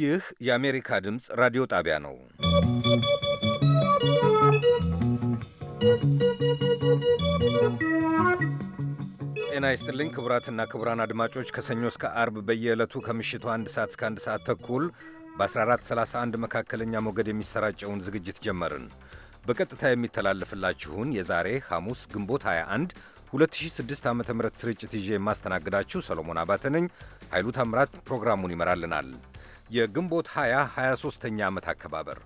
ይህ የአሜሪካ ድምፅ ራዲዮ ጣቢያ ነው። ጤና ይስጥልኝ ክቡራትና ክቡራን አድማጮች ከሰኞ እስከ አርብ በየዕለቱ ከምሽቱ አንድ ሰዓት እስከ አንድ ሰዓት ተኩል በ1431 መካከለኛ ሞገድ የሚሰራጨውን ዝግጅት ጀመርን። በቀጥታ የሚተላለፍላችሁን የዛሬ ሐሙስ ግንቦት 21 2006 ዓ ም ስርጭት ይዤ የማስተናግዳችሁ ሰሎሞን አባተ ነኝ። ኃይሉ ታምራት ፕሮግራሙን ይመራልናል። የግንቦት 20 23ኛ ዓመት አከባበር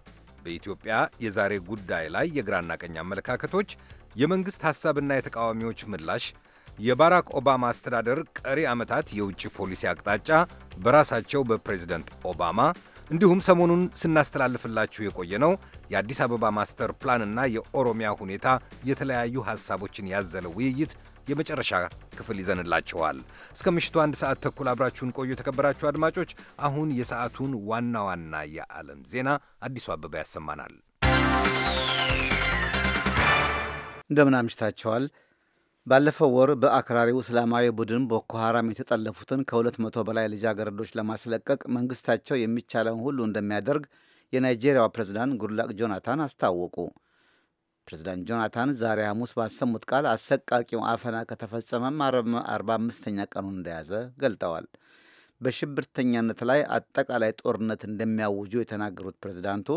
በኢትዮጵያ የዛሬ ጉዳይ ላይ የግራና ቀኝ አመለካከቶች፣ የመንግሥት ሐሳብና የተቃዋሚዎች ምላሽ፣ የባራክ ኦባማ አስተዳደር ቀሪ ዓመታት የውጭ ፖሊሲ አቅጣጫ በራሳቸው በፕሬዝደንት ኦባማ እንዲሁም ሰሞኑን ስናስተላልፍላችሁ የቆየ ነው የአዲስ አበባ ማስተር ፕላንና የኦሮሚያ ሁኔታ የተለያዩ ሐሳቦችን ያዘለ ውይይት የመጨረሻ ክፍል ይዘንላችኋል። እስከ ምሽቱ አንድ ሰዓት ተኩል አብራችሁን ቆዩ። የተከበራችሁ አድማጮች፣ አሁን የሰዓቱን ዋና ዋና የዓለም ዜና አዲሱ አበባ ያሰማናል። እንደምን አምሽታችኋል። ባለፈው ወር በአክራሪው እስላማዊ ቡድን ቦኮ ሀራም የተጠለፉትን ከ200 በላይ ልጃገረዶች ለማስለቀቅ መንግስታቸው የሚቻለውን ሁሉ እንደሚያደርግ የናይጄሪያው ፕሬዝዳንት ጉድላቅ ጆናታን አስታወቁ። ፕሬዝዳንት ጆናታን ዛሬ ሐሙስ ባሰሙት ቃል አሰቃቂው አፈና ከተፈጸመም 45ኛ ቀኑን እንደያዘ ገልጠዋል። በሽብርተኛነት ላይ አጠቃላይ ጦርነት እንደሚያውጁ የተናገሩት ፕሬዝዳንቱ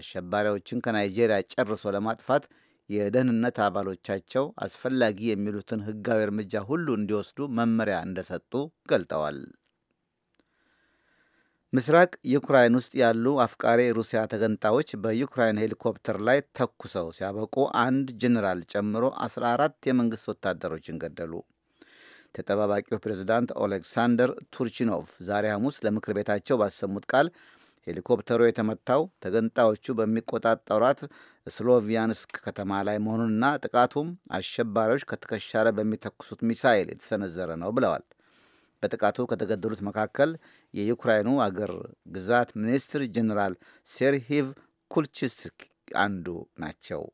አሸባሪዎችን ከናይጄሪያ ጨርሶ ለማጥፋት የደህንነት አባሎቻቸው አስፈላጊ የሚሉትን ሕጋዊ እርምጃ ሁሉ እንዲወስዱ መመሪያ እንደሰጡ ገልጠዋል። ምስራቅ ዩክራይን ውስጥ ያሉ አፍቃሪ ሩሲያ ተገንጣዮች በዩክራይን ሄሊኮፕተር ላይ ተኩሰው ሲያበቁ አንድ ጄኔራል ጨምሮ 14 የመንግሥት ወታደሮችን ገደሉ። ተጠባባቂው ፕሬዝዳንት ኦሌክሳንደር ቱርቺኖቭ ዛሬ ሐሙስ ለምክር ቤታቸው ባሰሙት ቃል ሄሊኮፕተሩ የተመታው ተገንጣዮቹ በሚቆጣጠሯት ስሎቪያንስክ ከተማ ላይ መሆኑንና ጥቃቱም አሸባሪዎች ከትከሻ ላይ በሚተኩሱት ሚሳይል የተሰነዘረ ነው ብለዋል። በጥቃቱ ከተገደሉት መካከል የዩክራይኑ አገር ግዛት ሚኒስትር ጀኔራል ሴርሂቭ ኩልችስክ አንዱ ናቸው።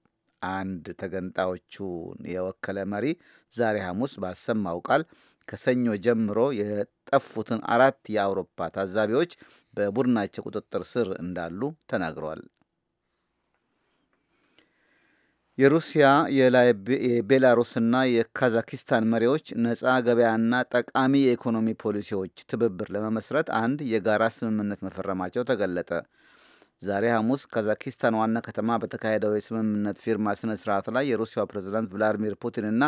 አንድ ተገንጣዮቹን የወከለ መሪ ዛሬ ሐሙስ ባሰማው ቃል ከሰኞ ጀምሮ የጠፉትን አራት የአውሮፓ ታዛቢዎች በቡድናቸው ቁጥጥር ስር እንዳሉ ተናግረዋል። የሩሲያ የቤላሩስና የካዛኪስታን መሪዎች ነፃ ገበያና ጠቃሚ የኢኮኖሚ ፖሊሲዎች ትብብር ለመመስረት አንድ የጋራ ስምምነት መፈረማቸው ተገለጠ። ዛሬ ሐሙስ ካዛኪስታን ዋና ከተማ በተካሄደው የስምምነት ፊርማ ስነ ስርዓት ላይ የሩሲያው ፕሬዝዳንት ቭላዲሚር ፑቲንና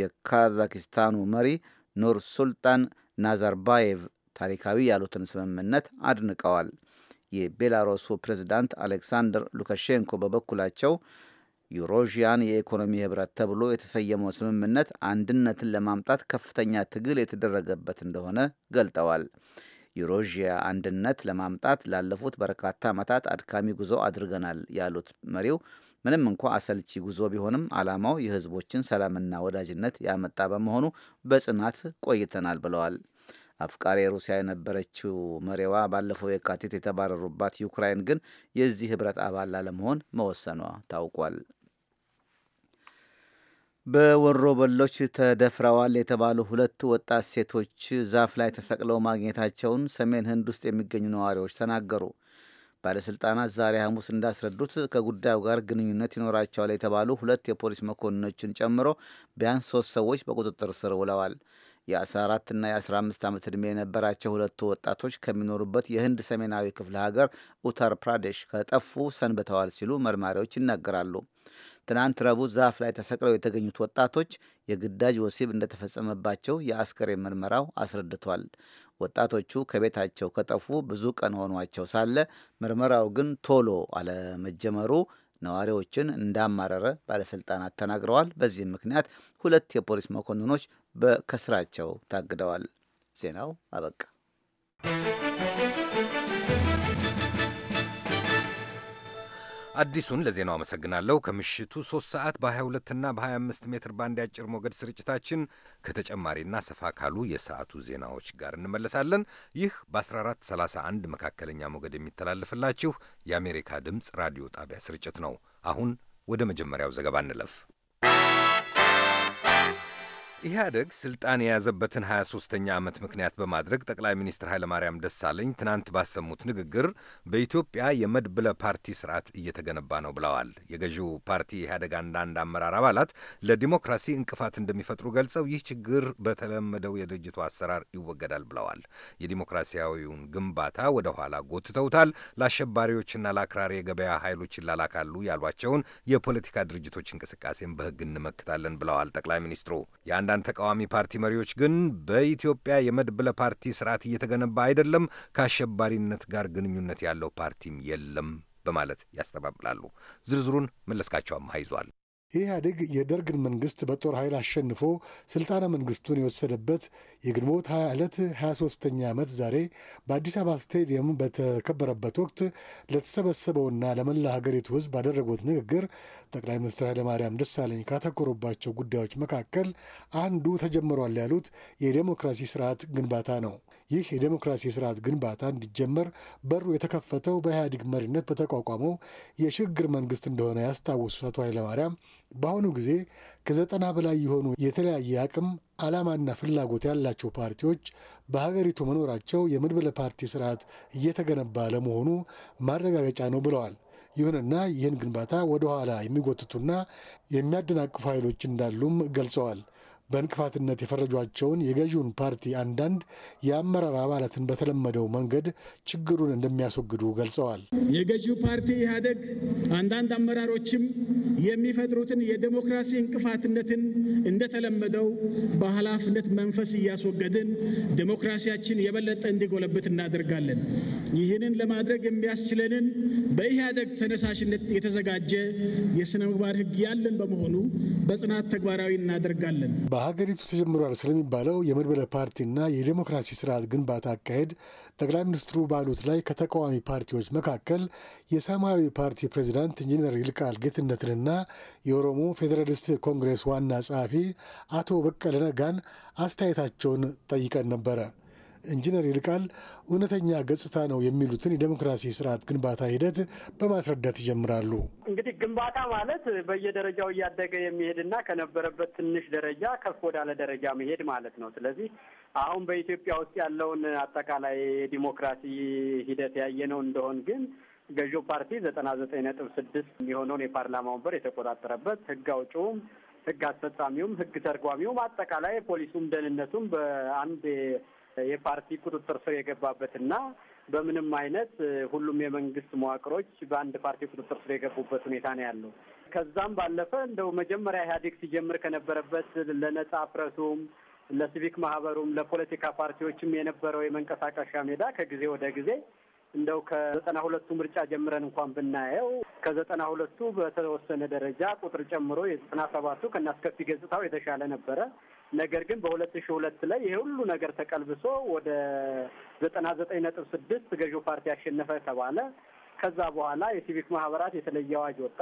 የካዛኪስታኑ መሪ ኑር ሱልጣን ናዛርባየቭ ታሪካዊ ያሉትን ስምምነት አድንቀዋል። የቤላሩሱ ፕሬዝዳንት አሌክሳንደር ሉካሼንኮ በበኩላቸው ዩሮዥያን የኢኮኖሚ ህብረት ተብሎ የተሰየመው ስምምነት አንድነትን ለማምጣት ከፍተኛ ትግል የተደረገበት እንደሆነ ገልጠዋል። ዩሮዥያ አንድነት ለማምጣት ላለፉት በርካታ ዓመታት አድካሚ ጉዞ አድርገናል ያሉት መሪው ምንም እንኳ አሰልቺ ጉዞ ቢሆንም ዓላማው የህዝቦችን ሰላምና ወዳጅነት ያመጣ በመሆኑ በጽናት ቆይተናል ብለዋል። አፍቃሪ ሩሲያ የነበረችው መሪዋ ባለፈው የካቲት የተባረሩባት ዩክራይን ግን የዚህ ህብረት አባል ላለመሆን መወሰኗ ታውቋል። በወሮ በሎች ተደፍረዋል የተባሉ ሁለት ወጣት ሴቶች ዛፍ ላይ ተሰቅለው ማግኘታቸውን ሰሜን ህንድ ውስጥ የሚገኙ ነዋሪዎች ተናገሩ። ባለሥልጣናት ዛሬ ሐሙስ እንዳስረዱት ከጉዳዩ ጋር ግንኙነት ይኖራቸዋል የተባሉ ሁለት የፖሊስ መኮንኖችን ጨምሮ ቢያንስ ሶስት ሰዎች በቁጥጥር ስር ውለዋል። የ14 እና የ15 ዓመት ዕድሜ የነበራቸው ሁለቱ ወጣቶች ከሚኖሩበት የህንድ ሰሜናዊ ክፍለ ሀገር ኡተር ፕራዴሽ ከጠፉ ሰንብተዋል ሲሉ መርማሪዎች ይናገራሉ። ትናንት ረቡዕ ዛፍ ላይ ተሰቅለው የተገኙት ወጣቶች የግዳጅ ወሲብ እንደተፈጸመባቸው የአስከሬን ምርመራው አስረድቷል። ወጣቶቹ ከቤታቸው ከጠፉ ብዙ ቀን ሆኗቸው ሳለ ምርመራው ግን ቶሎ አለመጀመሩ ነዋሪዎችን እንዳማረረ ባለስልጣናት ተናግረዋል። በዚህም ምክንያት ሁለት የፖሊስ መኮንኖች ከስራቸው ታግደዋል። ዜናው አበቃ። አዲሱን ለዜናው አመሰግናለሁ። ከምሽቱ 3 ሰዓት በ22 እና በ25 ሜትር ባንድ ያጭር ሞገድ ስርጭታችን ከተጨማሪና ሰፋ ካሉ የሰዓቱ ዜናዎች ጋር እንመለሳለን። ይህ በ1431 መካከለኛ ሞገድ የሚተላለፍላችሁ የአሜሪካ ድምፅ ራዲዮ ጣቢያ ስርጭት ነው። አሁን ወደ መጀመሪያው ዘገባ እንለፍ። ኢህአደግ ስልጣን የያዘበትን 23 ተኛ ዓመት ምክንያት በማድረግ ጠቅላይ ሚኒስትር ኃይለማርያም ደሳለኝ ትናንት ባሰሙት ንግግር በኢትዮጵያ የመድብለ ፓርቲ ስርዓት እየተገነባ ነው ብለዋል። የገዢው ፓርቲ ኢህአደግ አንዳንድ አመራር አባላት ለዲሞክራሲ እንቅፋት እንደሚፈጥሩ ገልጸው ይህ ችግር በተለመደው የድርጅቱ አሰራር ይወገዳል ብለዋል። የዲሞክራሲያዊውን ግንባታ ወደ ኋላ ጎትተውታል፣ ለአሸባሪዎችና ለአክራሪ የገበያ ኃይሎች ይላላካሉ ያሏቸውን የፖለቲካ ድርጅቶች እንቅስቃሴን በህግ እንመክታለን ብለዋል ጠቅላይ ሚኒስትሩ አንዳንድ ተቃዋሚ ፓርቲ መሪዎች ግን በኢትዮጵያ የመድብለ ፓርቲ ስርዓት እየተገነባ አይደለም፣ ከአሸባሪነት ጋር ግንኙነት ያለው ፓርቲም የለም በማለት ያስተባብላሉ። ዝርዝሩን መለስካቸው አማሃ ይዟል። ኢህአዴግ የደርግን መንግስት በጦር ኃይል አሸንፎ ስልጣነ መንግስቱን የወሰደበት የግንቦት 20 ዕለት 23ኛ ዓመት ዛሬ በአዲስ አበባ ስቴዲየም በተከበረበት ወቅት ለተሰበሰበውና ለመላ ሀገሪቱ ህዝብ ባደረጉት ንግግር ጠቅላይ ሚኒስትር ኃይለማርያም ደሳለኝ ካተኮሩባቸው ጉዳዮች መካከል አንዱ ተጀምሯል ያሉት የዴሞክራሲ ስርዓት ግንባታ ነው። ይህ የዴሞክራሲ ስርዓት ግንባታ እንዲጀመር በሩ የተከፈተው በኢህአዴግ መሪነት በተቋቋመው የሽግግር መንግስት እንደሆነ ያስታወሱት አቶ ኃይለማርያም በአሁኑ ጊዜ ከዘጠና በላይ የሆኑ የተለያየ አቅም ዓላማና ፍላጎት ያላቸው ፓርቲዎች በሀገሪቱ መኖራቸው የመድበለ ፓርቲ ስርዓት እየተገነባ ለመሆኑ ማረጋገጫ ነው ብለዋል። ይሁንና ይህን ግንባታ ወደ ኋላ የሚጎትቱና የሚያደናቅፉ ኃይሎች እንዳሉም ገልጸዋል። በእንቅፋትነት የፈረጇቸውን የገዢውን ፓርቲ አንዳንድ የአመራር አባላትን በተለመደው መንገድ ችግሩን እንደሚያስወግዱ ገልጸዋል። የገዢው ፓርቲ ኢህአደግ አንዳንድ አመራሮችም የሚፈጥሩትን የዴሞክራሲ እንቅፋትነትን እንደተለመደው በኃላፊነት መንፈስ እያስወገድን ዴሞክራሲያችን የበለጠ እንዲጎለብት እናደርጋለን። ይህንን ለማድረግ የሚያስችለንን በኢህአደግ ተነሳሽነት የተዘጋጀ የሥነ ምግባር ሕግ ያለን በመሆኑ በጽናት ተግባራዊ እናደርጋለን። በሀገሪቱ ተጀምሯል ስለሚባለው የመድበለ ፓርቲና የዴሞክራሲ ስርዓት ግንባታ አካሄድ ጠቅላይ ሚኒስትሩ ባሉት ላይ ከተቃዋሚ ፓርቲዎች መካከል የሰማያዊ ፓርቲ ፕሬዚዳንት ኢንጂነር ይልቃል ጌትነትንና የኦሮሞ ፌዴራሊስት ኮንግሬስ ዋና ጸሐፊ አቶ በቀለ ነጋን አስተያየታቸውን ጠይቀን ነበረ። ኢንጂነር ይልቃል እውነተኛ ገጽታ ነው የሚሉትን የዴሞክራሲ ስርዓት ግንባታ ሂደት በማስረዳት ይጀምራሉ። እንግዲህ ግንባታ ማለት በየደረጃው እያደገ የሚሄድና ከነበረበት ትንሽ ደረጃ ከፍ ወዳለ ደረጃ መሄድ ማለት ነው። ስለዚህ አሁን በኢትዮጵያ ውስጥ ያለውን አጠቃላይ ዲሞክራሲ ሂደት ያየነው እንደሆን ግን ገዢው ፓርቲ ዘጠና ዘጠኝ ነጥብ ስድስት የሚሆነውን የፓርላማ ወንበር የተቆጣጠረበት ህግ አውጪውም ህግ አስፈጻሚውም ህግ ተርጓሚውም አጠቃላይ ፖሊሱም ደህንነቱም በአንድ የፓርቲ ቁጥጥር ስር የገባበትና በምንም አይነት ሁሉም የመንግስት መዋቅሮች በአንድ ፓርቲ ቁጥጥር ስር የገቡበት ሁኔታ ነው ያለው። ከዛም ባለፈ እንደው መጀመሪያ ኢህአዴግ ሲጀምር ከነበረበት ለነጻ ፕረሱም ለሲቪክ ማህበሩም ለፖለቲካ ፓርቲዎችም የነበረው የመንቀሳቀሻ ሜዳ ከጊዜ ወደ ጊዜ እንደው ከዘጠና ሁለቱ ምርጫ ጀምረን እንኳን ብናየው ከዘጠና ሁለቱ በተወሰነ ደረጃ ቁጥር ጨምሮ የዘጠና ሰባቱ ከናስከፊ ገጽታው የተሻለ ነበረ። ነገር ግን በሁለት ሺ ሁለት ላይ ይሄ ሁሉ ነገር ተቀልብሶ ወደ ዘጠና ዘጠኝ ነጥብ ስድስት ገዢው ፓርቲ ያሸነፈ ተባለ። ከዛ በኋላ የሲቪክ ማህበራት የተለየ አዋጅ ወጣ።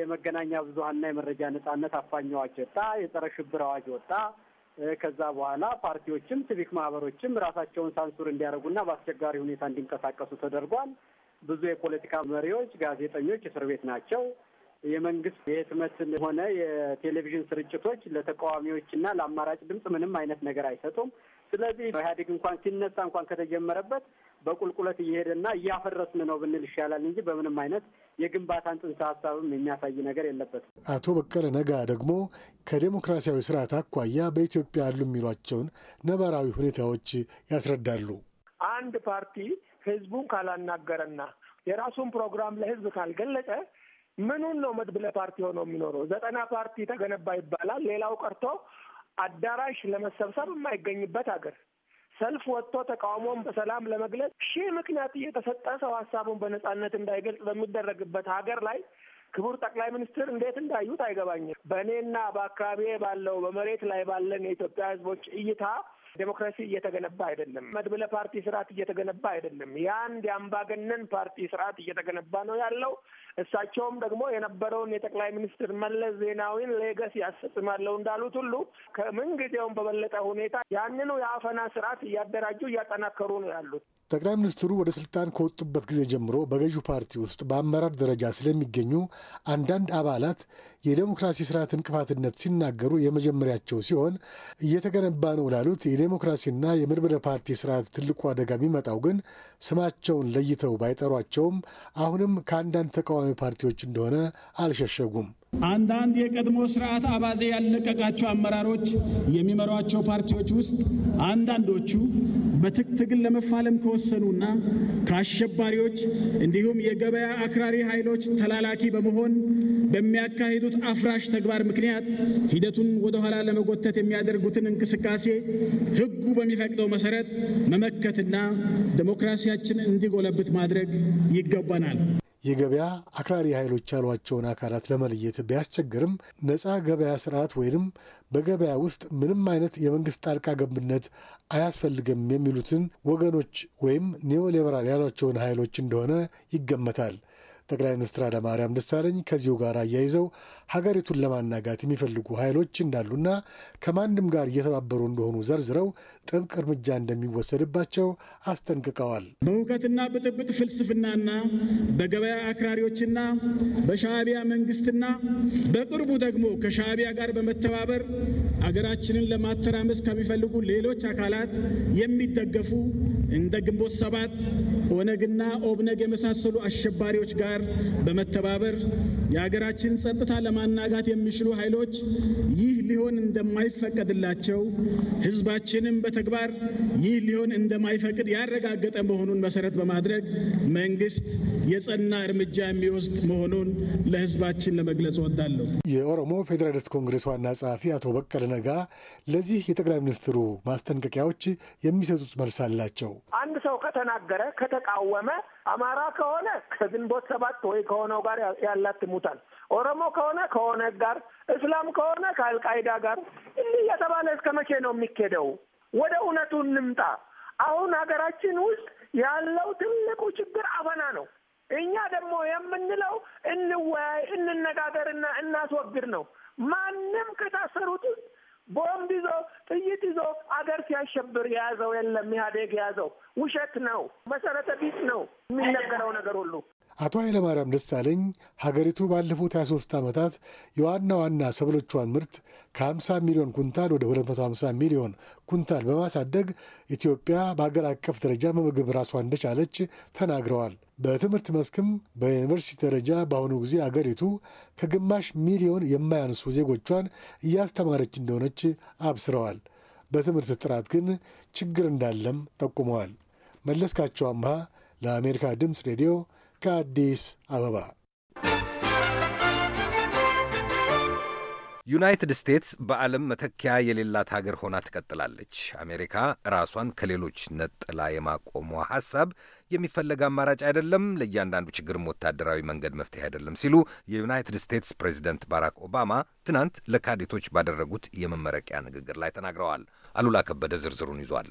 የመገናኛ ብዙሀንና የመረጃ ነጻነት አፋኝ አዋጅ ወጣ። የጸረ ሽብር አዋጅ ወጣ። ከዛ በኋላ ፓርቲዎችም ሲቪክ ማህበሮችም ራሳቸውን ሳንሱር እንዲያደርጉና በአስቸጋሪ ሁኔታ እንዲንቀሳቀሱ ተደርጓል። ብዙ የፖለቲካ መሪዎች፣ ጋዜጠኞች እስር ቤት ናቸው። የመንግስት የህትመት ሆነ የቴሌቪዥን ስርጭቶች ለተቃዋሚዎችና ለአማራጭ ድምፅ ምንም አይነት ነገር አይሰጡም። ስለዚህ ኢህአዴግ እንኳን ሲነሳ እንኳን ከተጀመረበት በቁልቁለት እየሄደና እያፈረስን ነው ብንል ይሻላል እንጂ በምንም አይነት የግንባታን ጽንሰ ሀሳብም የሚያሳይ ነገር የለበትም። አቶ በቀለ ነጋ ደግሞ ከዴሞክራሲያዊ ስርዓት አኳያ በኢትዮጵያ አሉ የሚሏቸውን ነባራዊ ሁኔታዎች ያስረዳሉ። አንድ ፓርቲ ህዝቡን ካላናገረና የራሱን ፕሮግራም ለህዝብ ካልገለጸ ምኑን ነው መድብለ ፓርቲ ሆኖ የሚኖረው? ዘጠና ፓርቲ ተገነባ ይባላል። ሌላው ቀርቶ አዳራሽ ለመሰብሰብ የማይገኝበት ሀገር ሰልፍ ወጥቶ ተቃውሞን በሰላም ለመግለጽ ሺህ ምክንያት እየተሰጠ ሰው ሀሳቡን በነጻነት እንዳይገልጽ በሚደረግበት ሀገር ላይ ክቡር ጠቅላይ ሚኒስትር እንዴት እንዳዩት አይገባኝም። በእኔና በአካባቢ ባለው በመሬት ላይ ባለን የኢትዮጵያ ሕዝቦች እይታ ዴሞክራሲ እየተገነባ አይደለም። መድብለ ፓርቲ ስርዓት እየተገነባ አይደለም። የአንድ የአምባገነን ፓርቲ ስርዓት እየተገነባ ነው ያለው። እሳቸውም ደግሞ የነበረውን የጠቅላይ ሚኒስትር መለስ ዜናዊን ሌገስ ያስፈጽማለሁ እንዳሉት ሁሉ ከምንጊዜውም በበለጠ ሁኔታ ያንኑ የአፈና ስርዓት እያደራጁ እያጠናከሩ ነው ያሉት። ጠቅላይ ሚኒስትሩ ወደ ስልጣን ከወጡበት ጊዜ ጀምሮ በገዢ ፓርቲ ውስጥ በአመራር ደረጃ ስለሚገኙ አንዳንድ አባላት የዴሞክራሲ ስርዓት እንቅፋትነት ሲናገሩ የመጀመሪያቸው ሲሆን እየተገነባ ነው ላሉት የዴሞክራሲና የመድበለ ፓርቲ ስርዓት ትልቁ አደጋ የሚመጣው ግን ስማቸውን ለይተው ባይጠሯቸውም አሁንም ከአንዳንድ ተቃዋሚ ፓርቲዎች እንደሆነ አልሸሸጉም። አንዳንድ የቀድሞ ስርዓት አባዜ ያለቀቃቸው አመራሮች የሚመሯቸው ፓርቲዎች ውስጥ አንዳንዶቹ በትግል ለመፋለም ከወሰኑና ከአሸባሪዎች እንዲሁም የገበያ አክራሪ ኃይሎች ተላላኪ በመሆን በሚያካሂዱት አፍራሽ ተግባር ምክንያት ሂደቱን ወደኋላ ለመጎተት የሚያደርጉትን እንቅስቃሴ ሕጉ በሚፈቅደው መሰረት መመከትና ዴሞክራሲያችን እንዲጎለብት ማድረግ ይገባናል። የገበያ አክራሪ ኃይሎች ያሏቸውን አካላት ለመለየት ቢያስቸግርም ነፃ ገበያ ስርዓት ወይንም በገበያ ውስጥ ምንም አይነት የመንግስት ጣልቃ ገብነት አያስፈልግም የሚሉትን ወገኖች ወይም ኒዮሊበራል ያሏቸውን ኃይሎች እንደሆነ ይገመታል። ጠቅላይ ሚኒስትር ኃይለማርያም ደሳለኝ ከዚሁ ጋር አያይዘው ሀገሪቱን ለማናጋት የሚፈልጉ ኃይሎች እንዳሉና ከማንም ጋር እየተባበሩ እንደሆኑ ዘርዝረው ጥብቅ እርምጃ እንደሚወሰድባቸው አስጠንቅቀዋል። በእውቀትና ብጥብጥ ፍልስፍናና በገበያ አክራሪዎችና በሻዕቢያ መንግስትና በቅርቡ ደግሞ ከሻዕቢያ ጋር በመተባበር አገራችንን ለማተራመስ ከሚፈልጉ ሌሎች አካላት የሚደገፉ እንደ ግንቦት ሰባት ኦነግና ኦብነግ የመሳሰሉ አሸባሪዎች ጋር በመተባበር የሀገራችን ጸጥታ ለማናጋት የሚችሉ ኃይሎች ይህ ሊሆን እንደማይፈቀድላቸው ህዝባችንም በተግባር ይህ ሊሆን እንደማይፈቅድ ያረጋገጠ መሆኑን መሰረት በማድረግ መንግስት የጸና እርምጃ የሚወስድ መሆኑን ለህዝባችን ለመግለጽ እወዳለሁ። የኦሮሞ ፌዴራሊስት ኮንግሬስ ዋና ጸሐፊ አቶ በቀለ ነጋ ለዚህ የጠቅላይ ሚኒስትሩ ማስጠንቀቂያዎች የሚሰጡት መልስ አላቸው። አንድ ሰው ከተናገረ ከተቃወመ አማራ ከሆነ ከግንቦት ሰባት ወይ ከሆነው ጋር ያላትሙ ይደግፉታል። ኦሮሞ ከሆነ ከኦነግ ጋር፣ እስላም ከሆነ ከአልቃይዳ ጋር። እንዲህ እየተባለ እስከ መቼ ነው የሚኬደው? ወደ እውነቱ እንምጣ። አሁን ሀገራችን ውስጥ ያለው ትልቁ ችግር አፈና ነው። እኛ ደግሞ የምንለው እንወያይ፣ እንነጋገርና እናስወግድ ነው። ማንም ከታሰሩት ውስጥ ቦምብ ይዞ ጥይት ይዞ አገር ሲያሸብር የያዘው የለም። ኢህአዴግ የያዘው ውሸት ነው፣ መሰረተ ቢስ ነው የሚነገረው ነገር ሁሉ። አቶ ኃይለማርያም ደሳለኝ ሀገሪቱ ባለፉት 23 ዓመታት የዋና ዋና ሰብሎቿን ምርት ከ50 ሚሊዮን ኩንታል ወደ 250 ሚሊዮን ኩንታል በማሳደግ ኢትዮጵያ በአገር አቀፍ ደረጃ በምግብ ራሷ እንደቻለች ተናግረዋል። በትምህርት መስክም በዩኒቨርሲቲ ደረጃ በአሁኑ ጊዜ አገሪቱ ከግማሽ ሚሊዮን የማያንሱ ዜጎቿን እያስተማረች እንደሆነች አብስረዋል። በትምህርት ጥራት ግን ችግር እንዳለም ጠቁመዋል። መለስካቸው አምሃ ለአሜሪካ ድምፅ ሬዲዮ ከአዲስ አበባ ዩናይትድ ስቴትስ በዓለም መተኪያ የሌላት ሀገር ሆና ትቀጥላለች። አሜሪካ ራሷን ከሌሎች ነጥላ የማቆሟ ሐሳብ የሚፈለግ አማራጭ አይደለም፣ ለእያንዳንዱ ችግርም ወታደራዊ መንገድ መፍትሄ አይደለም ሲሉ የዩናይትድ ስቴትስ ፕሬዚደንት ባራክ ኦባማ ትናንት ለካዴቶች ባደረጉት የመመረቂያ ንግግር ላይ ተናግረዋል። አሉላ ከበደ ዝርዝሩን ይዟል።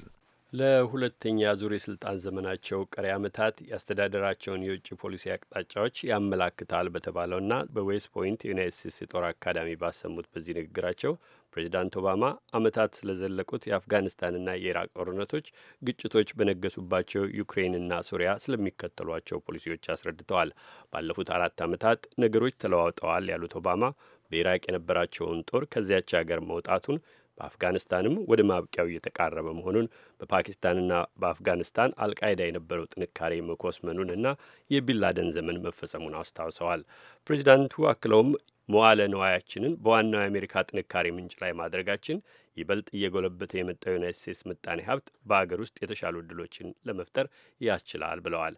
ለሁለተኛ ዙር የስልጣን ዘመናቸው ቀሪ ዓመታት የአስተዳደራቸውን የውጭ ፖሊሲ አቅጣጫዎች ያመላክታል በተባለውና በዌስት ፖይንት የዩናይት ስቴትስ የጦር አካዳሚ ባሰሙት በዚህ ንግግራቸው ፕሬዚዳንት ኦባማ ዓመታት ስለዘለቁት የአፍጋኒስታንና የኢራቅ ጦርነቶች ግጭቶች በነገሱባቸው ዩክሬንና ሱሪያ ስለሚከተሏቸው ፖሊሲዎች አስረድተዋል። ባለፉት አራት ዓመታት ነገሮች ተለዋውጠዋል ያሉት ኦባማ በኢራቅ የነበራቸውን ጦር ከዚያች ሀገር መውጣቱን በአፍጋኒስታንም ወደ ማብቂያው እየተቃረበ መሆኑን በፓኪስታንና በአፍጋኒስታን አልቃይዳ የነበረው ጥንካሬ መኮስመኑንና የቢንላደን ዘመን መፈጸሙን አስታውሰዋል። ፕሬዚዳንቱ አክለውም መዋለ ነዋያችንን በዋናው የአሜሪካ ጥንካሬ ምንጭ ላይ ማድረጋችን ይበልጥ እየጎለበተ የመጣው ዩናይት ስቴትስ ምጣኔ ሀብት በሀገር ውስጥ የተሻሉ እድሎችን ለመፍጠር ያስችላል ብለዋል።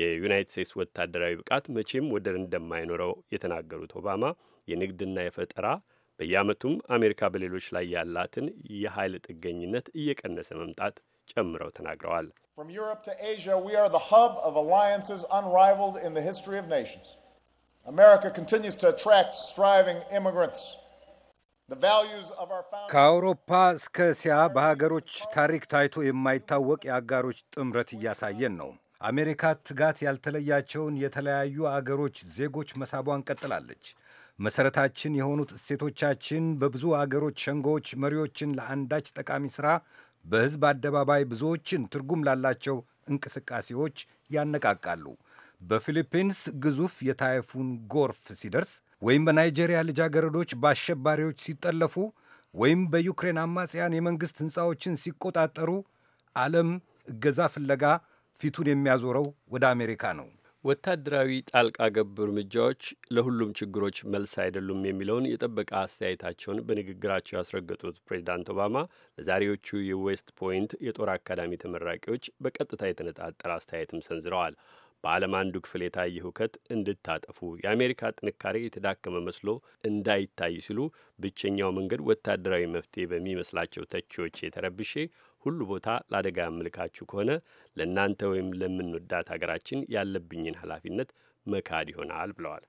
የዩናይት ስቴትስ ወታደራዊ ብቃት መቼም ወደር እንደማይኖረው የተናገሩት ኦባማ የንግድና የፈጠራ በየዓመቱም አሜሪካ በሌሎች ላይ ያላትን የኃይል ጥገኝነት እየቀነሰ መምጣት ጨምረው ተናግረዋል። ከአውሮፓ እስከ እስያ በሀገሮች ታሪክ ታይቶ የማይታወቅ የአጋሮች ጥምረት እያሳየን ነው። አሜሪካ ትጋት ያልተለያቸውን የተለያዩ አገሮች ዜጎች መሳቧን ቀጥላለች። መሠረታችን የሆኑት እሴቶቻችን በብዙ አገሮች ሸንጎዎች መሪዎችን ለአንዳች ጠቃሚ ሥራ በሕዝብ አደባባይ ብዙዎችን ትርጉም ላላቸው እንቅስቃሴዎች ያነቃቃሉ። በፊሊፒንስ ግዙፍ የታይፉን ጎርፍ ሲደርስ ወይም በናይጄሪያ ልጃገረዶች በአሸባሪዎች ሲጠለፉ ወይም በዩክሬን አማጽያን የመንግሥት ሕንፃዎችን ሲቆጣጠሩ ዓለም እገዛ ፍለጋ ፊቱን የሚያዞረው ወደ አሜሪካ ነው። ወታደራዊ ጣልቃ ገብ እርምጃዎች ለሁሉም ችግሮች መልስ አይደሉም የሚለውን የጠበቀ አስተያየታቸውን በንግግራቸው ያስረገጡት ፕሬዚዳንት ኦባማ ለዛሬዎቹ የዌስት ፖይንት የጦር አካዳሚ ተመራቂዎች በቀጥታ የተነጣጠረ አስተያየትም ሰንዝረዋል። በዓለም አንዱ ክፍል የታየ ሁከት እንድታጠፉ የአሜሪካ ጥንካሬ የተዳከመ መስሎ እንዳይታይ ሲሉ ብቸኛው መንገድ ወታደራዊ መፍትሄ በሚመስላቸው ተቺዎች የተረብሼ ሁሉ ቦታ ለአደጋ ያምልካችሁ ከሆነ ለእናንተ ወይም ለምንወዳት ሀገራችን ያለብኝን ኃላፊነት መካድ ይሆናል ብለዋል።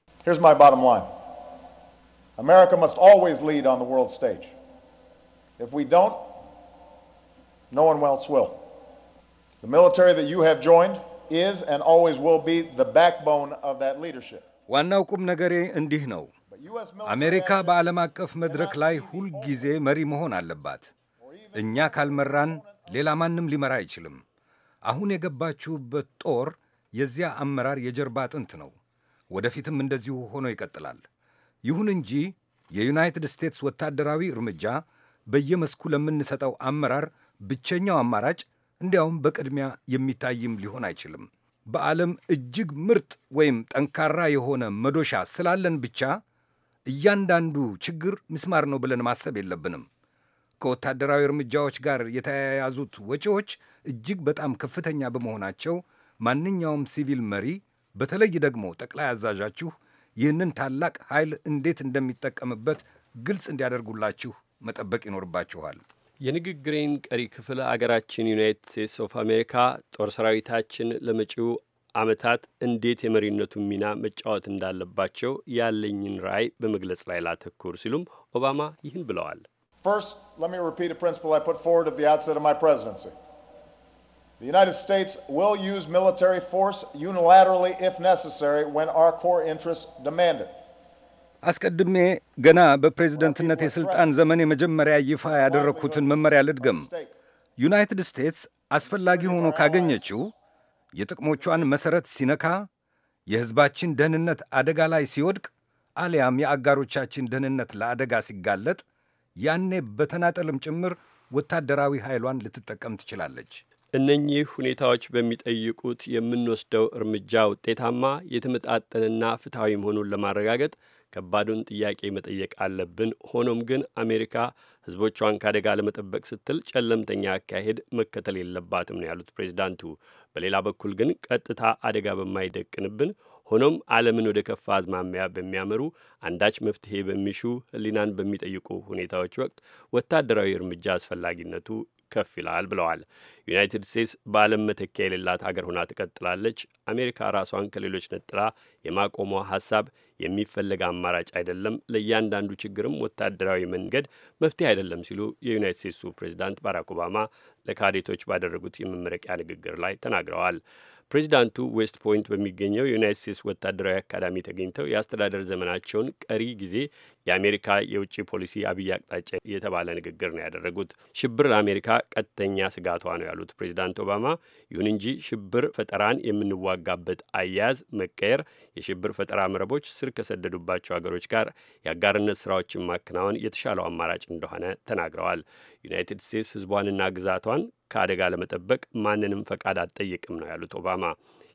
ሚሊታሪ is and always will be the backbone of that leadership. ዋናው ቁም ነገሬ እንዲህ ነው። አሜሪካ በዓለም አቀፍ መድረክ ላይ ሁልጊዜ መሪ መሆን አለባት። እኛ ካልመራን ሌላ ማንም ሊመራ አይችልም። አሁን የገባችሁበት ጦር የዚያ አመራር የጀርባ አጥንት ነው። ወደፊትም እንደዚሁ ሆኖ ይቀጥላል። ይሁን እንጂ የዩናይትድ ስቴትስ ወታደራዊ እርምጃ በየመስኩ ለምንሰጠው አመራር ብቸኛው አማራጭ እንዲያውም በቅድሚያ የሚታይም ሊሆን አይችልም። በዓለም እጅግ ምርጥ ወይም ጠንካራ የሆነ መዶሻ ስላለን ብቻ እያንዳንዱ ችግር ምስማር ነው ብለን ማሰብ የለብንም። ከወታደራዊ እርምጃዎች ጋር የተያያዙት ወጪዎች እጅግ በጣም ከፍተኛ በመሆናቸው ማንኛውም ሲቪል መሪ በተለይ ደግሞ ጠቅላይ አዛዣችሁ ይህንን ታላቅ ኃይል እንዴት እንደሚጠቀምበት ግልጽ እንዲያደርጉላችሁ መጠበቅ ይኖርባችኋል። የንግግሬን ቀሪ ክፍል አገራችን ዩናይትድ ስቴትስ ኦፍ አሜሪካ ጦር ሰራዊታችን ለመጪው ዓመታት እንዴት የመሪነቱን ሚና መጫወት እንዳለባቸው ያለኝን ራዕይ በመግለጽ ላይ ላተኩር ሲሉም ኦባማ ይህን ብለዋል። The United States will use military force unilaterally if necessary when our core interests demand it. አስቀድሜ ገና በፕሬዝደንትነት የሥልጣን ዘመን የመጀመሪያ ይፋ ያደረግሁትን መመሪያ ልድገም። ዩናይትድ ስቴትስ አስፈላጊ ሆኖ ካገኘችው የጥቅሞቿን መሠረት ሲነካ፣ የሕዝባችን ደህንነት አደጋ ላይ ሲወድቅ፣ አሊያም የአጋሮቻችን ደህንነት ለአደጋ ሲጋለጥ ያኔ በተናጠልም ጭምር ወታደራዊ ኃይሏን ልትጠቀም ትችላለች። እነኚህ ሁኔታዎች በሚጠይቁት የምንወስደው እርምጃ ውጤታማ የተመጣጠንና ፍትሐዊ መሆኑን ለማረጋገጥ ከባዱን ጥያቄ መጠየቅ አለብን። ሆኖም ግን አሜሪካ ህዝቦቿን ከአደጋ ለመጠበቅ ስትል ጨለምተኛ አካሄድ መከተል የለባትም ነው ያሉት ፕሬዚዳንቱ። በሌላ በኩል ግን ቀጥታ አደጋ በማይደቅንብን ሆኖም ዓለምን ወደ ከፋ አዝማሚያ በሚያመሩ አንዳች መፍትሄ በሚሹ ህሊናን በሚጠይቁ ሁኔታዎች ወቅት ወታደራዊ እርምጃ አስፈላጊነቱ ከፍ ይላል ብለዋል። ዩናይትድ ስቴትስ በዓለም መተኪያ የሌላት ሀገር ሆና ትቀጥላለች። አሜሪካ ራሷን ከሌሎች ነጥላ የማቆሟ ሀሳብ የሚፈለግ አማራጭ አይደለም፣ ለእያንዳንዱ ችግርም ወታደራዊ መንገድ መፍትሄ አይደለም ሲሉ የዩናይት ስቴትሱ ፕሬዚዳንት ባራክ ኦባማ ለካዴቶች ባደረጉት የመመረቂያ ንግግር ላይ ተናግረዋል። ፕሬዚዳንቱ ዌስት ፖይንት በሚገኘው የዩናይት ስቴትስ ወታደራዊ አካዳሚ ተገኝተው የአስተዳደር ዘመናቸውን ቀሪ ጊዜ የአሜሪካ የውጭ ፖሊሲ አብይ አቅጣጫ የተባለ ንግግር ነው ያደረጉት። ሽብር ለአሜሪካ ቀጥተኛ ስጋቷ ነው ያሉት ፕሬዚዳንት ኦባማ፣ ይሁን እንጂ ሽብር ፈጠራን የምንዋጋበት አያያዝ መቀየር፣ የሽብር ፈጠራ መረቦች ስር ከሰደዱባቸው ሀገሮች ጋር የአጋርነት ስራዎችን ማከናወን የተሻለው አማራጭ እንደሆነ ተናግረዋል። ዩናይትድ ስቴትስ ህዝቧንና ግዛቷን ከአደጋ ለመጠበቅ ማንንም ፈቃድ አትጠይቅም ነው ያሉት ኦባማ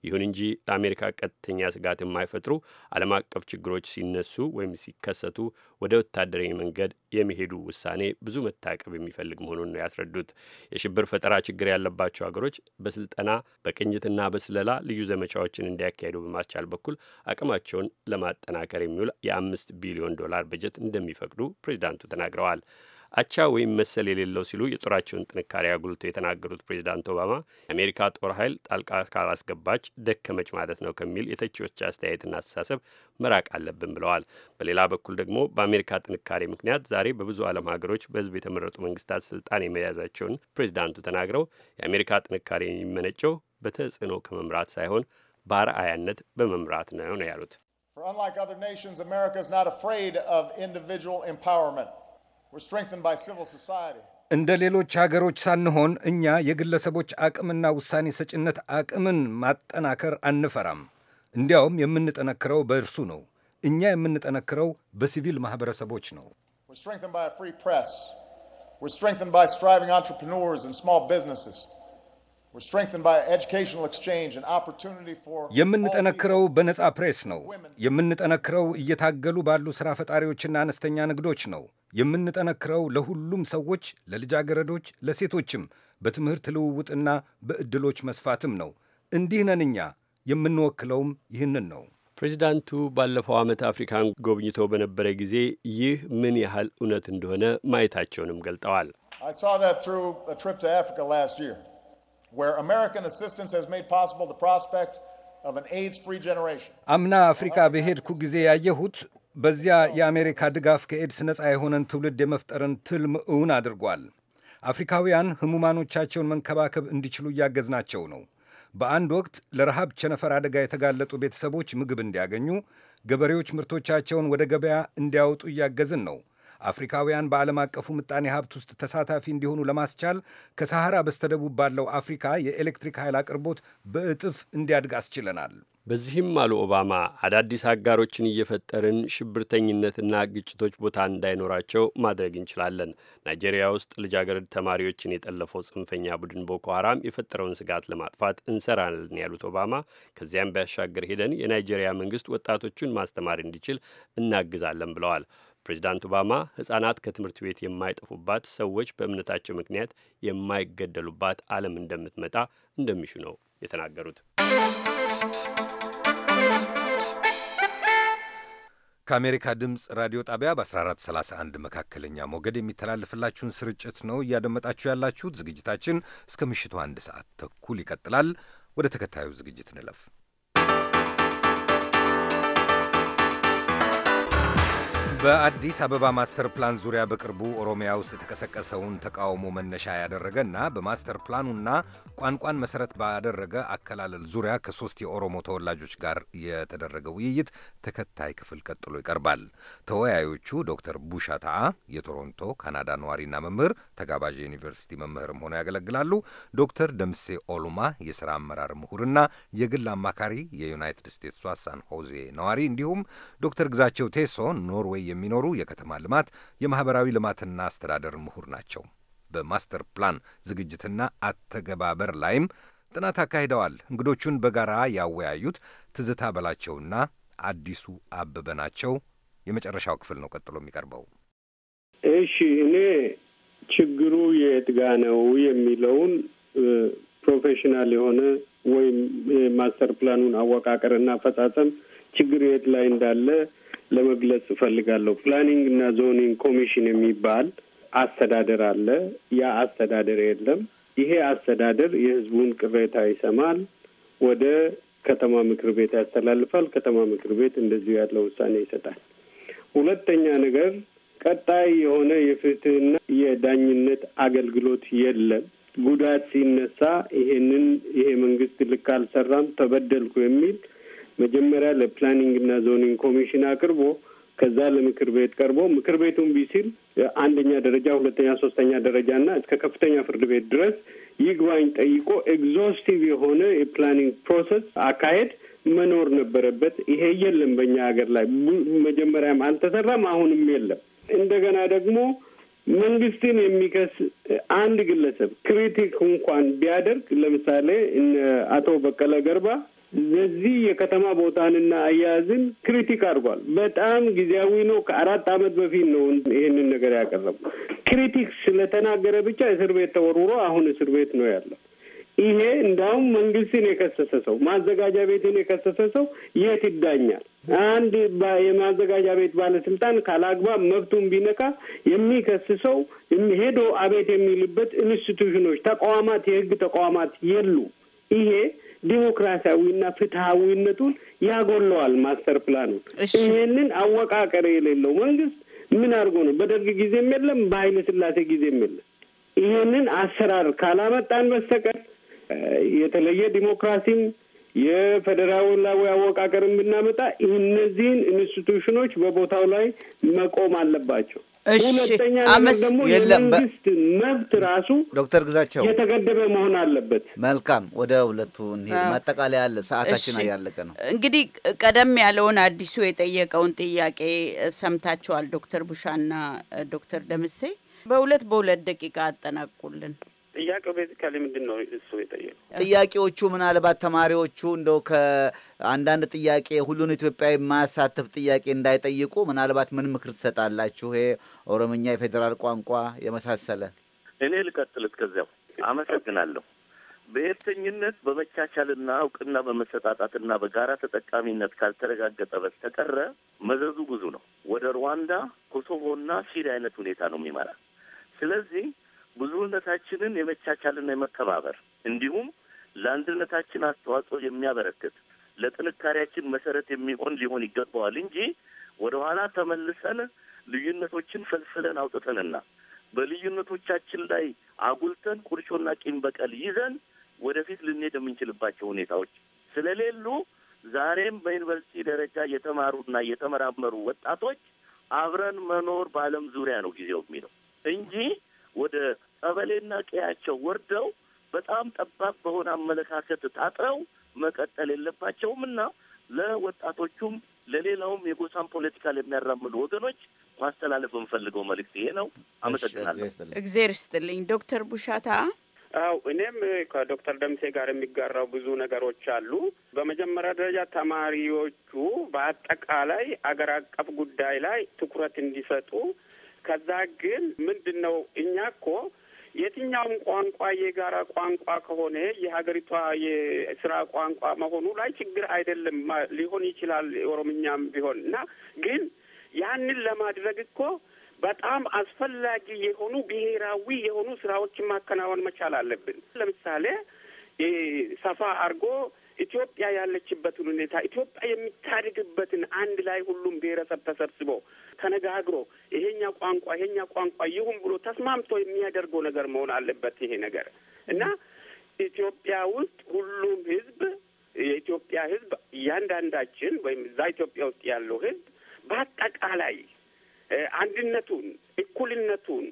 ይሁን እንጂ ለአሜሪካ ቀጥተኛ ስጋት የማይፈጥሩ ዓለም አቀፍ ችግሮች ሲነሱ ወይም ሲከሰቱ ወደ ወታደራዊ መንገድ የሚሄዱ ውሳኔ ብዙ መታቀብ የሚፈልግ መሆኑን ነው ያስረዱት። የሽብር ፈጠራ ችግር ያለባቸው ሀገሮች በስልጠና በቅኝትና በስለላ ልዩ ዘመቻዎችን እንዲያካሄዱ በማስቻል በኩል አቅማቸውን ለማጠናከር የሚውል የአምስት ቢሊዮን ዶላር በጀት እንደሚፈቅዱ ፕሬዚዳንቱ ተናግረዋል። አቻ ወይም መሰል የሌለው ሲሉ የጦራቸውን ጥንካሬ አጉልቶ የተናገሩት ፕሬዚዳንት ኦባማ የአሜሪካ ጦር ኃይል ጣልቃ ካላስገባች ደከመች ማለት ነው ከሚል የተቺዎች አስተያየትና አስተሳሰብ መራቅ አለብን ብለዋል። በሌላ በኩል ደግሞ በአሜሪካ ጥንካሬ ምክንያት ዛሬ በብዙ ዓለም ሀገሮች በህዝብ የተመረጡ መንግስታት ስልጣን የመያዛቸውን ፕሬዚዳንቱ ተናግረው የአሜሪካ ጥንካሬ የሚመነጨው በተጽዕኖ ከመምራት ሳይሆን በአርአያነት በመምራት ነው ነው ያሉት። እንደ ሌሎች ሀገሮች ሳንሆን እኛ የግለሰቦች አቅምና ውሳኔ ሰጭነት አቅምን ማጠናከር አንፈራም። እንዲያውም የምንጠነክረው በእርሱ ነው። እኛ የምንጠነክረው በሲቪል ማኅበረሰቦች ነው። We're strengthened by a free press. We're strengthened by striving entrepreneurs and small businesses. የምንጠነክረው በነጻ ፕሬስ ነው። የምንጠነክረው እየታገሉ ባሉ ሥራ ፈጣሪዎችና አነስተኛ ንግዶች ነው። የምንጠነክረው ለሁሉም ሰዎች፣ ለልጃገረዶች፣ ለሴቶችም በትምህርት ልውውጥና በዕድሎች መስፋትም ነው። እንዲህ ነን እኛ። የምንወክለውም ይህንን ነው። ፕሬዚዳንቱ ባለፈው ዓመት አፍሪካን ጎብኝቶ በነበረ ጊዜ ይህ ምን ያህል እውነት እንደሆነ ማየታቸውንም ገልጠዋል። where American assistance has made possible the prospect of an AIDS-free generation. አምና አፍሪካ በሄድኩ ጊዜ ያየሁት በዚያ የአሜሪካ ድጋፍ ከኤድስ ነፃ የሆነን ትውልድ የመፍጠርን ትልም እውን አድርጓል። አፍሪካውያን ህሙማኖቻቸውን መንከባከብ እንዲችሉ እያገዝናቸው ነው። በአንድ ወቅት ለረሃብ ቸነፈር አደጋ የተጋለጡ ቤተሰቦች ምግብ እንዲያገኙ፣ ገበሬዎች ምርቶቻቸውን ወደ ገበያ እንዲያወጡ እያገዝን ነው። አፍሪካውያን በዓለም አቀፉ ምጣኔ ሀብት ውስጥ ተሳታፊ እንዲሆኑ ለማስቻል ከሰሃራ በስተደቡብ ባለው አፍሪካ የኤሌክትሪክ ኃይል አቅርቦት በእጥፍ እንዲያድግ አስችለናል። በዚህም አሉ ኦባማ አዳዲስ አጋሮችን እየፈጠርን ሽብርተኝነትና ግጭቶች ቦታ እንዳይኖራቸው ማድረግ እንችላለን። ናይጄሪያ ውስጥ ልጃገረድ ተማሪዎችን የጠለፈው ጽንፈኛ ቡድን ቦኮ ሀራም የፈጠረውን ስጋት ለማጥፋት እንሰራለን ያሉት ኦባማ ከዚያም ቢያሻገር ሄደን የናይጄሪያ መንግስት ወጣቶቹን ማስተማር እንዲችል እናግዛለን ብለዋል። ፕሬዚዳንት ኦባማ ሕጻናት ከትምህርት ቤት የማይጠፉባት፣ ሰዎች በእምነታቸው ምክንያት የማይገደሉባት ዓለም እንደምትመጣ እንደሚሹ ነው የተናገሩት። ከአሜሪካ ድምፅ ራዲዮ ጣቢያ በ1431 መካከለኛ ሞገድ የሚተላልፍላችሁን ስርጭት ነው እያደመጣችሁ ያላችሁት። ዝግጅታችን እስከ ምሽቱ አንድ ሰዓት ተኩል ይቀጥላል። ወደ ተከታዩ ዝግጅት እንለፍ። በአዲስ አበባ ማስተር ፕላን ዙሪያ በቅርቡ ኦሮሚያ ውስጥ የተቀሰቀሰውን ተቃውሞ መነሻ ያደረገና በማስተር ፕላኑና ቋንቋን መሰረት ባደረገ አከላለል ዙሪያ ከሶስት የኦሮሞ ተወላጆች ጋር የተደረገ ውይይት ተከታይ ክፍል ቀጥሎ ይቀርባል። ተወያዮቹ ዶክተር ቡሻ ታአ የቶሮንቶ ካናዳ ነዋሪና መምህር ተጋባዥ የዩኒቨርሲቲ መምህርም ሆነው ያገለግላሉ። ዶክተር ደምሴ ኦሉማ የሥራ አመራር ምሁርና የግል አማካሪ የዩናይትድ ስቴትሷ ሳን ሆዜ ነዋሪ እንዲሁም ዶክተር ግዛቸው ቴሶ ኖርዌይ የሚኖሩ የከተማ ልማት የማኅበራዊ ልማትና አስተዳደር ምሁር ናቸው። በማስተር ፕላን ዝግጅትና አተገባበር ላይም ጥናት አካሂደዋል። እንግዶቹን በጋራ ያወያዩት ትዝታ በላቸውና አዲሱ አበበ ናቸው። የመጨረሻው ክፍል ነው ቀጥሎ የሚቀርበው። እሺ፣ እኔ ችግሩ የት ጋ ነው የሚለውን ፕሮፌሽናል የሆነ ወይም ማስተር ፕላኑን አወቃቀርና አፈጻጸም ችግር የት ላይ እንዳለ ለመግለጽ እፈልጋለሁ። ፕላኒንግ እና ዞኒንግ ኮሚሽን የሚባል አስተዳደር አለ። ያ አስተዳደር የለም። ይሄ አስተዳደር የህዝቡን ቅሬታ ይሰማል፣ ወደ ከተማ ምክር ቤት ያስተላልፋል። ከተማ ምክር ቤት እንደዚሁ ያለው ውሳኔ ይሰጣል። ሁለተኛ ነገር ቀጣይ የሆነ የፍትህና የዳኝነት አገልግሎት የለም። ጉዳት ሲነሳ ይሄንን ይሄ መንግስት ልክ አልሰራም፣ ተበደልኩ የሚል መጀመሪያ ለፕላኒንግ እና ዞኒንግ ኮሚሽን አቅርቦ ከዛ ለምክር ቤት ቀርቦ ምክር ቤቱም ቢሲል አንደኛ ደረጃ፣ ሁለተኛ፣ ሶስተኛ ደረጃ እና እስከ ከፍተኛ ፍርድ ቤት ድረስ ይግባኝ ጠይቆ ኤግዞስቲቭ የሆነ የፕላኒንግ ፕሮሰስ አካሄድ መኖር ነበረበት። ይሄ የለም በእኛ ሀገር ላይ መጀመሪያም አልተሰራም፣ አሁንም የለም። እንደገና ደግሞ መንግስትን የሚከስ አንድ ግለሰብ ክሪቲክ እንኳን ቢያደርግ ለምሳሌ አቶ በቀለ ገርባ በዚህ የከተማ ቦታንና አያያዝን ክሪቲክ አድርጓል። በጣም ጊዜያዊ ነው። ከአራት ዓመት በፊት ነው ይህንን ነገር ያቀረቡ። ክሪቲክ ስለተናገረ ብቻ እስር ቤት ተወርውሮ አሁን እስር ቤት ነው ያለው። ይሄ እንዳውም መንግስትን የከሰሰ ሰው ማዘጋጃ ቤትን የከሰሰ ሰው የት ይዳኛል? አንድ የማዘጋጃ ቤት ባለስልጣን ካላግባብ መብቱን ቢነካ የሚከስሰው ሄዶ አቤት የሚልበት ኢንስቲቱሽኖች፣ ተቋማት፣ የህግ ተቋማት የሉ ይሄ ዲሞክራሲያዊና ፍትሀዊነቱን ያጎለዋል። ማስተር ፕላኑ ይሄንን አወቃቀር የሌለው መንግስት ምን አድርጎ ነው? በደርግ ጊዜም የለም፣ በኃይለ ስላሴ ጊዜም የለም። ይሄንን አሰራር ካላመጣን በስተቀር የተለየ ዲሞክራሲም የፌዴራላዊ አወቃቀርን ብናመጣ እነዚህን ኢንስቲቱሽኖች በቦታው ላይ መቆም አለባቸው። ሁለተኛ መብት ራሱ ዶክተር ግዛቸው የተገደበ መሆን አለበት። መልካም ወደ ሁለቱ እንሄድ። ማጠቃለያ አለ፣ ሰዓታችን እያለቀ ነው። እንግዲህ ቀደም ያለውን አዲሱ የጠየቀውን ጥያቄ ሰምታችኋል ዶክተር ቡሻና ዶክተር ደምሴ በሁለት በሁለት ደቂቃ አጠናቁልን። ጥያቄው ቤዚካሊ ምንድን ነው? እሱ የጠየቁ ጥያቄዎቹ ምናልባት ተማሪዎቹ እንደው ከአንዳንድ ጥያቄ ሁሉን ኢትዮጵያዊ የማያሳትፍ ጥያቄ እንዳይጠይቁ ምናልባት ምን ምክር ትሰጣላችሁ? ይሄ ኦሮምኛ፣ የፌዴራል ቋንቋ የመሳሰለ እኔ ልቀጥል እስከዚያው። አመሰግናለሁ። ብሔርተኝነት በመቻቻልና እውቅና በመሰጣጣትና በጋራ ተጠቃሚነት ካልተረጋገጠ በስተቀረ መዘዙ ብዙ ነው። ወደ ሩዋንዳ ኮሶቮና ሲሪያ አይነት ሁኔታ ነው የሚመራ። ስለዚህ ብዙነታችንን የመቻቻልና የመከባበር እንዲሁም ለአንድነታችን አስተዋጽኦ የሚያበረክት ለጥንካሬያችን መሰረት የሚሆን ሊሆን ይገባዋል እንጂ ወደ ኋላ ተመልሰን ልዩነቶችን ፈልፍለን አውጥተንና በልዩነቶቻችን ላይ አጉልተን ቁርሾና ቂም በቀል ይዘን ወደፊት ልንሄድ የምንችልባቸው ሁኔታዎች ስለሌሉ ዛሬም በዩኒቨርሲቲ ደረጃ የተማሩና የተመራመሩ ወጣቶች አብረን መኖር በዓለም ዙሪያ ነው ጊዜው የሚለው እንጂ ወደ ቀበሌና ቀያቸው ወርደው በጣም ጠባብ በሆነ አመለካከት ታጥረው መቀጠል የለባቸውም እና ለወጣቶቹም ለሌላውም የጎሳን ፖለቲካ ለሚያራምዱ ወገኖች ማስተላለፍ የምፈልገው መልእክት ይሄ ነው። አመሰግናለሁ። እግዜር ይስጥልኝ። ዶክተር ቡሻታ አው እኔም ከዶክተር ደምሴ ጋር የሚጋራው ብዙ ነገሮች አሉ። በመጀመሪያ ደረጃ ተማሪዎቹ በአጠቃላይ አገር አቀፍ ጉዳይ ላይ ትኩረት እንዲሰጡ ከዛ ግን ምንድን ነው እኛ እኮ የትኛውም ቋንቋ የጋራ ቋንቋ ከሆነ የሀገሪቷ የስራ ቋንቋ መሆኑ ላይ ችግር አይደለም፣ ሊሆን ይችላል። ኦሮምኛም ቢሆን እና ግን ያንን ለማድረግ እኮ በጣም አስፈላጊ የሆኑ ብሔራዊ የሆኑ ስራዎችን ማከናወን መቻል አለብን። ለምሳሌ ሰፋ አድርጎ ኢትዮጵያ ያለችበትን ሁኔታ ኢትዮጵያ የሚታድግበትን አንድ ላይ ሁሉም ብሔረሰብ ተሰብስቦ ተነጋግሮ ይሄኛ ቋንቋ ይሄኛ ቋንቋ ይሁን ብሎ ተስማምቶ የሚያደርገው ነገር መሆን አለበት። ይሄ ነገር እና ኢትዮጵያ ውስጥ ሁሉም ህዝብ የኢትዮጵያ ህዝብ እያንዳንዳችን ወይም እዛ ኢትዮጵያ ውስጥ ያለው ህዝብ በአጠቃላይ አንድነቱን፣ እኩልነቱን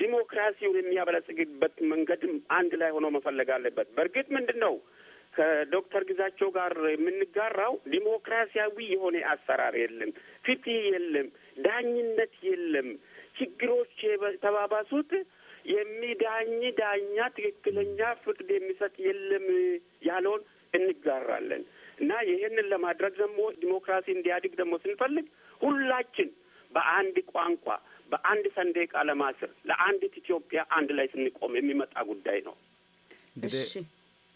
ዲሞክራሲውን የሚያበለጽግበት መንገድም አንድ ላይ ሆኖ መፈለግ አለበት። በእርግጥ ምንድን ነው ከዶክተር ግዛቸው ጋር የምንጋራው ዲሞክራሲያዊ የሆነ አሰራር የለም፣ ፍትህ የለም፣ ዳኝነት የለም። ችግሮች የተባባሱት የሚዳኝ ዳኛ ትክክለኛ ፍርድ የሚሰጥ የለም ያለውን እንጋራለን እና ይህንን ለማድረግ ደግሞ ዲሞክራሲ እንዲያድግ ደግሞ ስንፈልግ ሁላችን በአንድ ቋንቋ በአንድ ሰንደቅ ዓላማ ስር ለአንዲት ኢትዮጵያ አንድ ላይ ስንቆም የሚመጣ ጉዳይ ነው። እሺ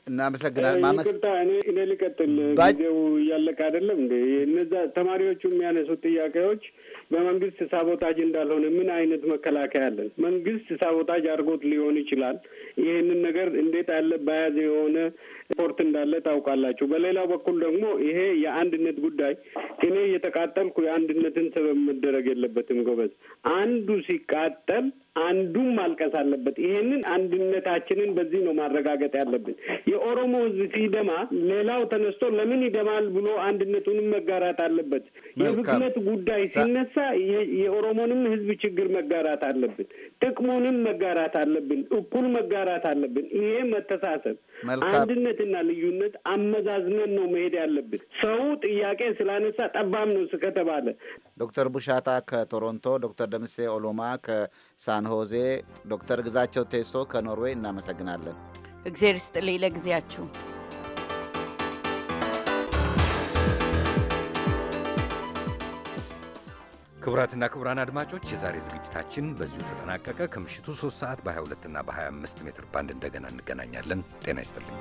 እናመሰግናል። ማመስታ እኔ ልቀጥል፣ ጊዜው እያለቀ አይደለም እንዴ? እነዛ ተማሪዎቹ የሚያነሱት ጥያቄዎች በመንግስት ሳቦታጅ እንዳልሆነ ምን አይነት መከላከያ አለን? መንግስት ሳቦታጅ አድርጎት ሊሆን ይችላል። ይሄንን ነገር እንዴት ያለ በያዘ የሆነ ስፖርት እንዳለ ታውቃላችሁ። በሌላው በኩል ደግሞ ይሄ የአንድነት ጉዳይ እኔ እየተቃጠልኩ የአንድነትን ሰበብ መደረግ የለበትም ጎበዝ። አንዱ ሲቃጠል አንዱም ማልቀስ አለበት። ይሄንን አንድነታችንን በዚህ ነው ማረጋገጥ ያለብን። የኦሮሞ ህዝብ ሲደማ ሌላው ተነስቶ ለምን ይደማል ብሎ አንድነቱንም መጋራት አለበት። የብክለት ጉዳይ ሲነሳ የኦሮሞንም ህዝብ ችግር መጋራት አለብን። ጥቅሙንም መጋራት አለብን። እኩል መጋራት አለብን። ይሄ መተሳሰብ፣ አንድነትና ልዩነት አመዛዝነን ነው መሄድ ያለብን። ሰው ጥያቄ ስላነሳ ጠባብ ነው ስከተባለ ዶክተር ቡሻታ ከቶሮንቶ ዶክተር ደምሴ ኦሎማ ከሳ ሳን ሆዜ። ዶክተር ግዛቸው ቴሶ ከኖርዌይ እናመሰግናለን። እግዜር ይስጥልኝ ለጊዜያችሁ። ክቡራትና ክቡራን አድማጮች የዛሬ ዝግጅታችን በዚሁ ተጠናቀቀ። ከምሽቱ 3 ሰዓት በ22 ና በ25 ሜትር ባንድ እንደገና እንገናኛለን። ጤና ይስጥልኝ።